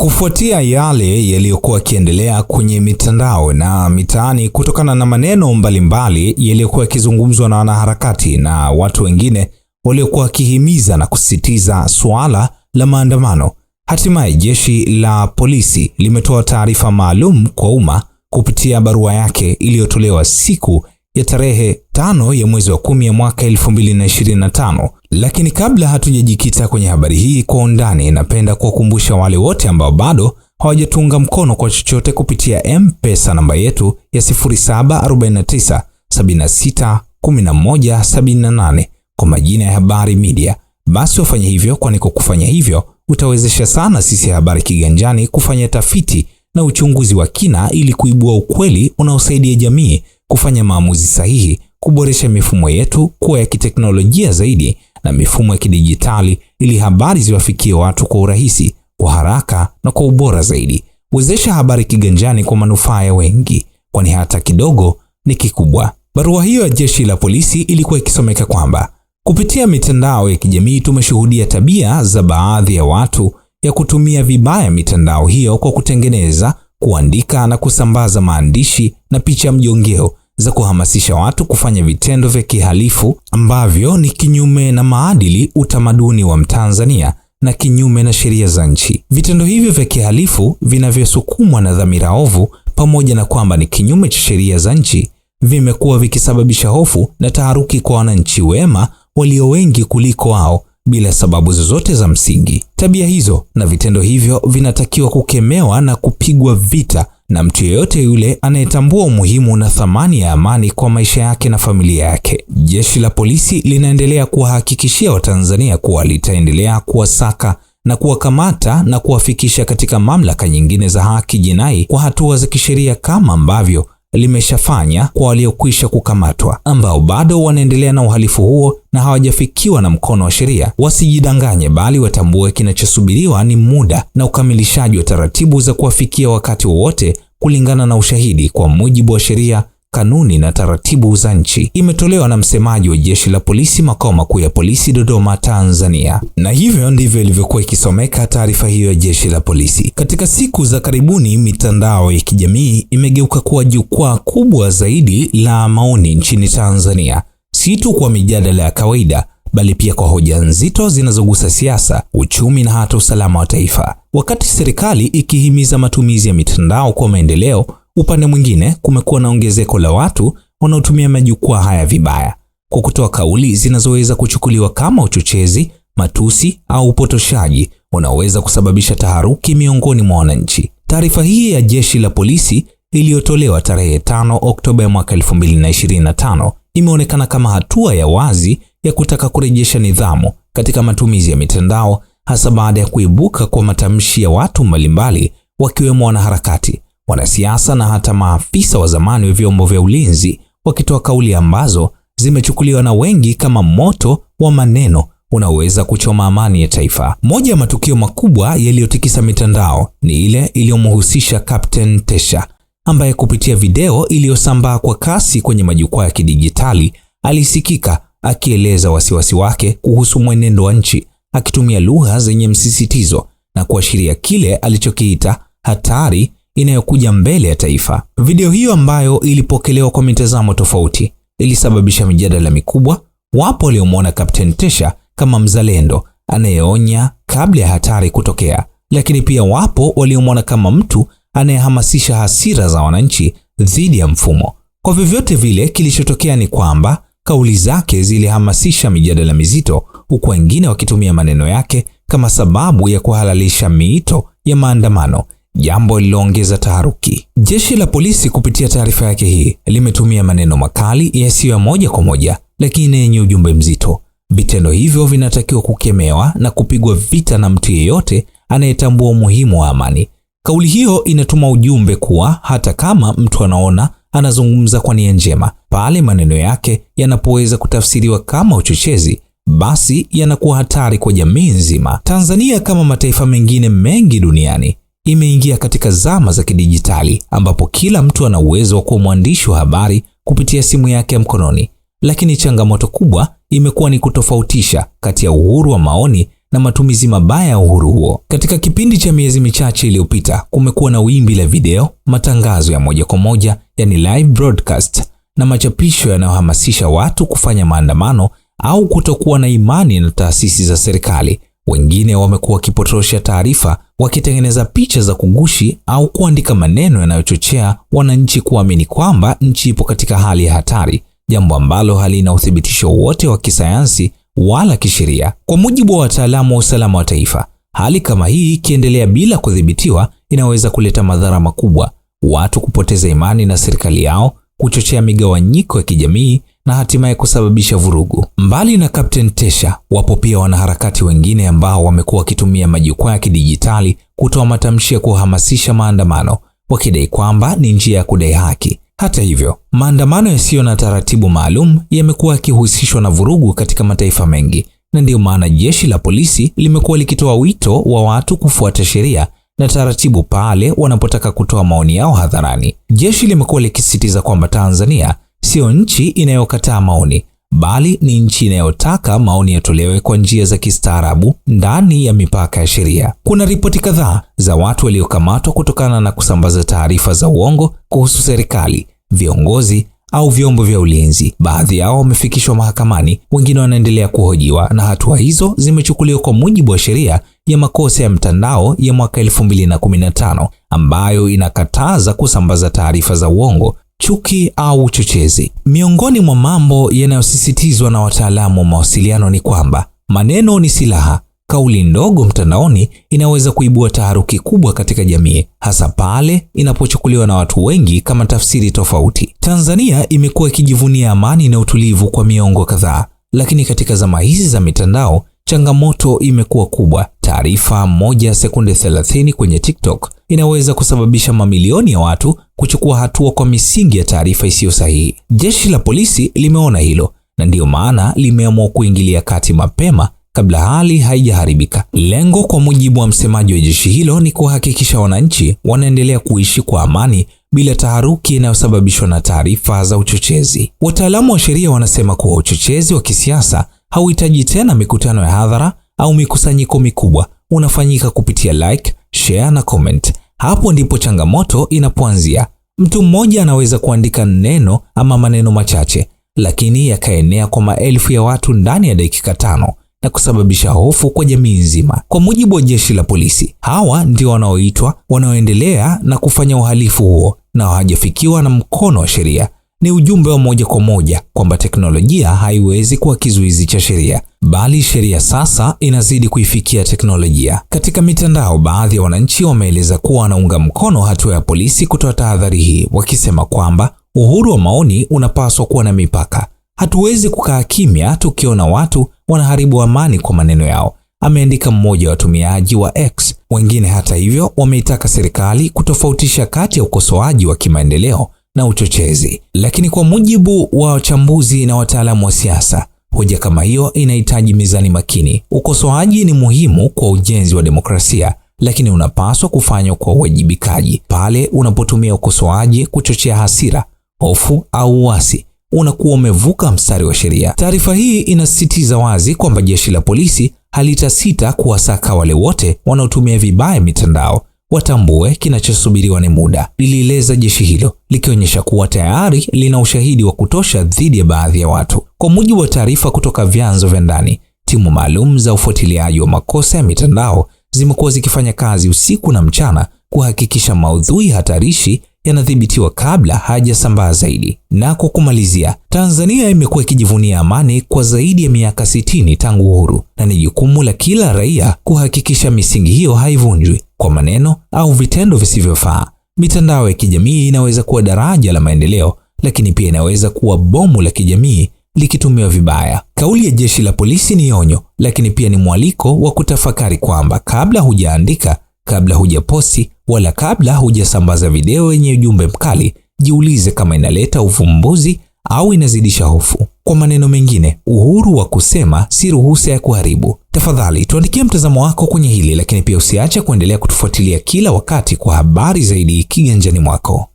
Kufuatia yale yaliyokuwa yakiendelea kwenye mitandao na mitaani kutokana na maneno mbalimbali yaliyokuwa yakizungumzwa na wanaharakati na watu wengine waliokuwa wakihimiza na kusisitiza suala la maandamano, hatimaye jeshi la polisi limetoa taarifa maalum kwa umma kupitia barua yake iliyotolewa siku ya tarehe tano ya mwezi wa kumi ya mwaka 2025. Lakini kabla hatujajikita kwenye habari hii kwa undani, napenda kuwakumbusha wale wote ambao bado hawajatunga mkono kwa chochote kupitia M-Pesa namba yetu ya 0749 kwa majina ya Habari Media, basi wafanye hivyo, kwani kwa kufanya hivyo utawezesha sana sisi Habari Kiganjani kufanya tafiti na uchunguzi wa kina ili kuibua ukweli unaosaidia jamii kufanya maamuzi sahihi, kuboresha mifumo yetu kuwa ya kiteknolojia zaidi na mifumo ya kidijitali, ili habari ziwafikie watu kwa urahisi, kwa haraka na kwa ubora zaidi. Wezesha habari kiganjani kwa manufaa ya wengi, kwani hata kidogo ni kikubwa. Barua hiyo ya jeshi la polisi ilikuwa ikisomeka kwamba kupitia mitandao ya kijamii tumeshuhudia tabia za baadhi ya watu ya kutumia vibaya mitandao hiyo kwa kutengeneza, kuandika na kusambaza maandishi na picha mjongeo za kuhamasisha watu kufanya vitendo vya kihalifu ambavyo ni kinyume na maadili, utamaduni wa Mtanzania na kinyume na sheria za nchi. Vitendo hivyo vya kihalifu vinavyosukumwa na dhamira ovu, pamoja na kwamba ni kinyume cha sheria za nchi, vimekuwa vikisababisha hofu na taharuki kwa wananchi wema walio wengi kuliko wao bila sababu zozote za msingi. Tabia hizo na vitendo hivyo vinatakiwa kukemewa na kupigwa vita na mtu yeyote yule anayetambua umuhimu na thamani ya amani kwa maisha yake na familia yake. Jeshi la polisi linaendelea kuwahakikishia Watanzania kuwa litaendelea kuwasaka na kuwakamata na kuwafikisha katika mamlaka nyingine za haki jinai kwa hatua za kisheria kama ambavyo limeshafanya kwa waliokwisha kukamatwa ambao bado wanaendelea na uhalifu huo na hawajafikiwa na mkono wa sheria, wasijidanganye, bali watambue kinachosubiriwa ni muda na ukamilishaji wa taratibu za kuwafikia wakati wowote kulingana na ushahidi, kwa mujibu wa sheria kanuni na taratibu za nchi imetolewa na msemaji wa jeshi la polisi makao makuu ya polisi Dodoma, Tanzania. Na hivyo ndivyo ilivyokuwa ikisomeka taarifa hiyo ya jeshi la polisi. Katika siku za karibuni, mitandao ya kijamii imegeuka kuwa jukwaa kubwa zaidi la maoni nchini Tanzania, si tu kwa mijadala ya kawaida bali pia kwa hoja nzito zinazogusa siasa, uchumi na hata usalama wa taifa. Wakati serikali ikihimiza matumizi ya mitandao kwa maendeleo, Upande mwingine, kumekuwa na ongezeko la watu wanaotumia majukwaa haya vibaya kwa kutoa kauli zinazoweza kuchukuliwa kama uchochezi, matusi au upotoshaji unaoweza kusababisha taharuki miongoni mwa wananchi. Taarifa hii ya jeshi la polisi iliyotolewa tarehe 5 Oktoba mwaka 2025 imeonekana kama hatua ya wazi ya kutaka kurejesha nidhamu katika matumizi ya mitandao hasa baada ya kuibuka kwa matamshi ya watu mbalimbali wakiwemo wanaharakati wanasiasa na hata maafisa wa zamani wa vyombo vya ulinzi wakitoa kauli ambazo zimechukuliwa na wengi kama moto wa maneno unaoweza kuchoma amani ya taifa. Moja ya matukio makubwa yaliyotikisa mitandao ni ile iliyomhusisha Captain Tesha ambaye kupitia video iliyosambaa kwa kasi kwenye majukwaa ya kidijitali alisikika akieleza wasiwasi wake kuhusu mwenendo wa nchi akitumia lugha zenye msisitizo na kuashiria kile alichokiita hatari inayokuja mbele ya taifa. Video hiyo ambayo ilipokelewa kwa mitazamo tofauti ilisababisha mijadala mikubwa. Wapo waliomwona Kapteni Tesha kama mzalendo anayeonya kabla ya hatari kutokea, lakini pia wapo waliomwona kama mtu anayehamasisha hasira za wananchi dhidi ya mfumo. Kwa vyovyote vile, kilichotokea ni kwamba kauli zake zilihamasisha mijadala mizito, huku wengine wakitumia maneno yake kama sababu ya kuhalalisha miito ya maandamano jambo lililoongeza taharuki. Jeshi la polisi kupitia taarifa yake hii limetumia maneno makali yasiyo ya moja kwa moja, lakini yenye ujumbe mzito. Vitendo hivyo vinatakiwa kukemewa na kupigwa vita na mtu yeyote anayetambua umuhimu wa amani. Kauli hiyo inatuma ujumbe kuwa hata kama mtu anaona anazungumza kwa nia njema, pale maneno yake yanapoweza kutafsiriwa kama uchochezi, basi yanakuwa hatari kwa jamii nzima. Tanzania, kama mataifa mengine mengi duniani, imeingia katika zama za kidijitali ambapo kila mtu ana uwezo wa kuwa mwandishi wa habari kupitia simu yake ya mkononi, lakini changamoto kubwa imekuwa ni kutofautisha kati ya uhuru wa maoni na matumizi mabaya ya uhuru huo. Katika kipindi cha miezi michache iliyopita, kumekuwa na wimbi la video, matangazo ya moja kwa moja, yani live broadcast, na machapisho yanayohamasisha watu kufanya maandamano au kutokuwa na imani na taasisi za serikali. Wengine wamekuwa wakipotosha taarifa, wakitengeneza picha za kugushi au kuandika maneno yanayochochea wananchi kuamini kwamba nchi ipo katika hali ya hatari, jambo ambalo halina uthibitisho wote wa kisayansi wala kisheria. Kwa mujibu wa wataalamu wa usalama wa taifa, hali kama hii ikiendelea bila kudhibitiwa, inaweza kuleta madhara makubwa: watu kupoteza imani na serikali yao, kuchochea migawanyiko ya kijamii na hatimaye kusababisha vurugu. Mbali na Captain Tesha, wapo pia wanaharakati wengine ambao wamekuwa wakitumia majukwaa ya kidijitali kutoa matamshi ya kuhamasisha maandamano, wakidai kwamba ni njia ya kudai haki. Hata hivyo, maandamano yasiyo na taratibu maalum yamekuwa yakihusishwa na vurugu katika mataifa mengi, na ndiyo maana jeshi la polisi limekuwa likitoa wito wa watu kufuata sheria na taratibu pale wanapotaka kutoa maoni yao hadharani. Jeshi limekuwa likisisitiza kwamba Tanzania sio nchi inayokataa maoni, bali ni nchi inayotaka maoni yatolewe kwa njia za kistaarabu ndani ya mipaka ya sheria. Kuna ripoti kadhaa za watu waliokamatwa kutokana na kusambaza taarifa za uongo kuhusu serikali, viongozi au vyombo vya ulinzi. Baadhi yao wamefikishwa mahakamani, wengine wanaendelea kuhojiwa, na hatua hizo zimechukuliwa kwa mujibu wa sheria ya makosa ya mtandao ya mwaka 2015 ambayo inakataza kusambaza taarifa za uongo chuki au uchochezi. Miongoni mwa mambo yanayosisitizwa na wataalamu wa mawasiliano ni kwamba maneno ni silaha. Kauli ndogo mtandaoni inaweza kuibua taharuki kubwa katika jamii, hasa pale inapochukuliwa na watu wengi kama tafsiri tofauti. Tanzania imekuwa ikijivunia amani na utulivu kwa miongo kadhaa, lakini katika zama hizi za mitandao changamoto imekuwa kubwa. Taarifa moja sekunde 30 kwenye TikTok inaweza kusababisha mamilioni ya watu kuchukua hatua kwa misingi ya taarifa isiyo sahihi. Jeshi la polisi limeona hilo na ndiyo maana limeamua kuingilia kati mapema kabla hali haijaharibika. Lengo, kwa mujibu wa msemaji wa jeshi hilo, ni kuhakikisha wananchi wanaendelea kuishi kwa amani bila taharuki inayosababishwa na taarifa za uchochezi. Wataalamu wa sheria wanasema kuwa uchochezi wa kisiasa hauhitaji tena mikutano ya hadhara au mikusanyiko mikubwa, unafanyika kupitia like, share na comment. Hapo ndipo changamoto inapoanzia. Mtu mmoja anaweza kuandika neno ama maneno machache, lakini yakaenea kwa maelfu ya watu ndani ya dakika tano na kusababisha hofu kwa jamii nzima. Kwa mujibu wa jeshi la polisi, hawa ndio wanaoitwa wanaoendelea na kufanya uhalifu huo na hawajafikiwa na mkono wa sheria. Ni ujumbe wa moja kwa moja kwamba teknolojia haiwezi kuwa kizuizi cha sheria, bali sheria sasa inazidi kuifikia teknolojia. Katika mitandao, baadhi ya wananchi wameeleza kuwa wanaunga mkono hatua ya polisi kutoa tahadhari hii, wakisema kwamba uhuru wa maoni unapaswa kuwa na mipaka. Hatuwezi kukaa kimya tukiona watu wanaharibu amani kwa maneno yao, ameandika mmoja wa watumiaji wa X. Wengine hata hivyo, wameitaka serikali kutofautisha kati ya ukosoaji wa kimaendeleo na uchochezi. Lakini kwa mujibu wa wachambuzi na wataalamu wa siasa, hoja kama hiyo inahitaji mizani makini. Ukosoaji ni muhimu kwa ujenzi wa demokrasia, lakini unapaswa kufanywa kwa uwajibikaji. Pale unapotumia ukosoaji kuchochea hasira, hofu au uasi unakuwa umevuka mstari wa sheria. Taarifa hii inasisitiza wazi kwamba jeshi la polisi halitasita kuwasaka wale wote wanaotumia vibaya mitandao watambue kinachosubiriwa ni muda, lilieleza jeshi hilo likionyesha kuwa tayari lina ushahidi wa kutosha dhidi ya baadhi ya watu. Kwa mujibu wa taarifa kutoka vyanzo vya ndani, timu maalum za ufuatiliaji wa makosa ya mitandao zimekuwa zikifanya kazi usiku na mchana kuhakikisha maudhui hatarishi yanadhibitiwa kabla hajasambaa zaidi. Na kwa kumalizia, Tanzania imekuwa ikijivunia amani kwa zaidi ya miaka 60 tangu uhuru, na ni jukumu la kila raia kuhakikisha misingi hiyo haivunjwi kwa maneno au vitendo visivyofaa. Mitandao ya kijamii inaweza kuwa daraja la maendeleo, lakini pia inaweza kuwa bomu la kijamii likitumiwa vibaya. Kauli ya jeshi la polisi ni onyo, lakini pia ni mwaliko wa kutafakari kwamba kabla hujaandika, kabla hujaposti, wala kabla hujasambaza video yenye ujumbe mkali, jiulize kama inaleta uvumbuzi au inazidisha hofu. Kwa maneno mengine, uhuru wa kusema si ruhusa ya kuharibu, Tafadhali tuandikie mtazamo wako kwenye hili, lakini pia usiache kuendelea kutufuatilia kila wakati kwa habari zaidi kiganjani mwako.